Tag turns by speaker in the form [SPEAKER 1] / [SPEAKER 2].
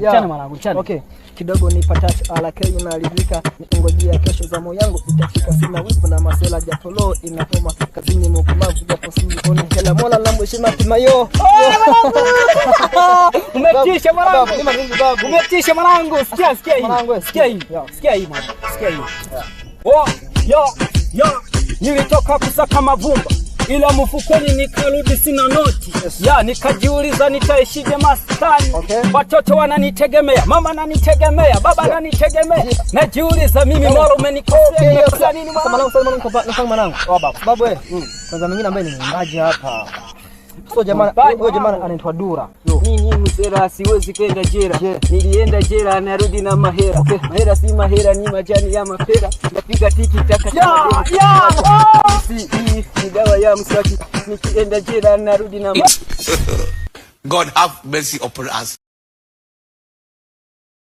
[SPEAKER 1] chana chana mwanangu chana. Okay.
[SPEAKER 2] Kidogo nipata alake ah, unaridhika, ningojea kesho za yangu itafika, sina wivu na masela japolo inapoma kazini mkumavu japo sioni kila mola la mheshima kimayo. Umetisha nilitoka kusaka mavumba ila mfukoni nikarudi sina noti yes. ya nikajiuliza nitaishije maskani okay. watoto wananitegemea mama ananitegemea baba ananitegemea yeah. yeah. najiuliza mimi mola umenikosea
[SPEAKER 1] nini mwanangu sababu wewe kwanza mwingine ambaye ni mwimbaji hapa So jamani, huyo jamani anaitwa Dura.
[SPEAKER 2] Mimi msera siwezi kwenda jera. Yeah. Nilienda jera narudi na mahera. Okay. Mahera si mahera ni majani ya mapera. Napiga tiki taka.
[SPEAKER 1] Yeah, yeah. Oh!
[SPEAKER 2] Si, ya mswaki, nikienda jela narudi na
[SPEAKER 3] God have mercy upon us.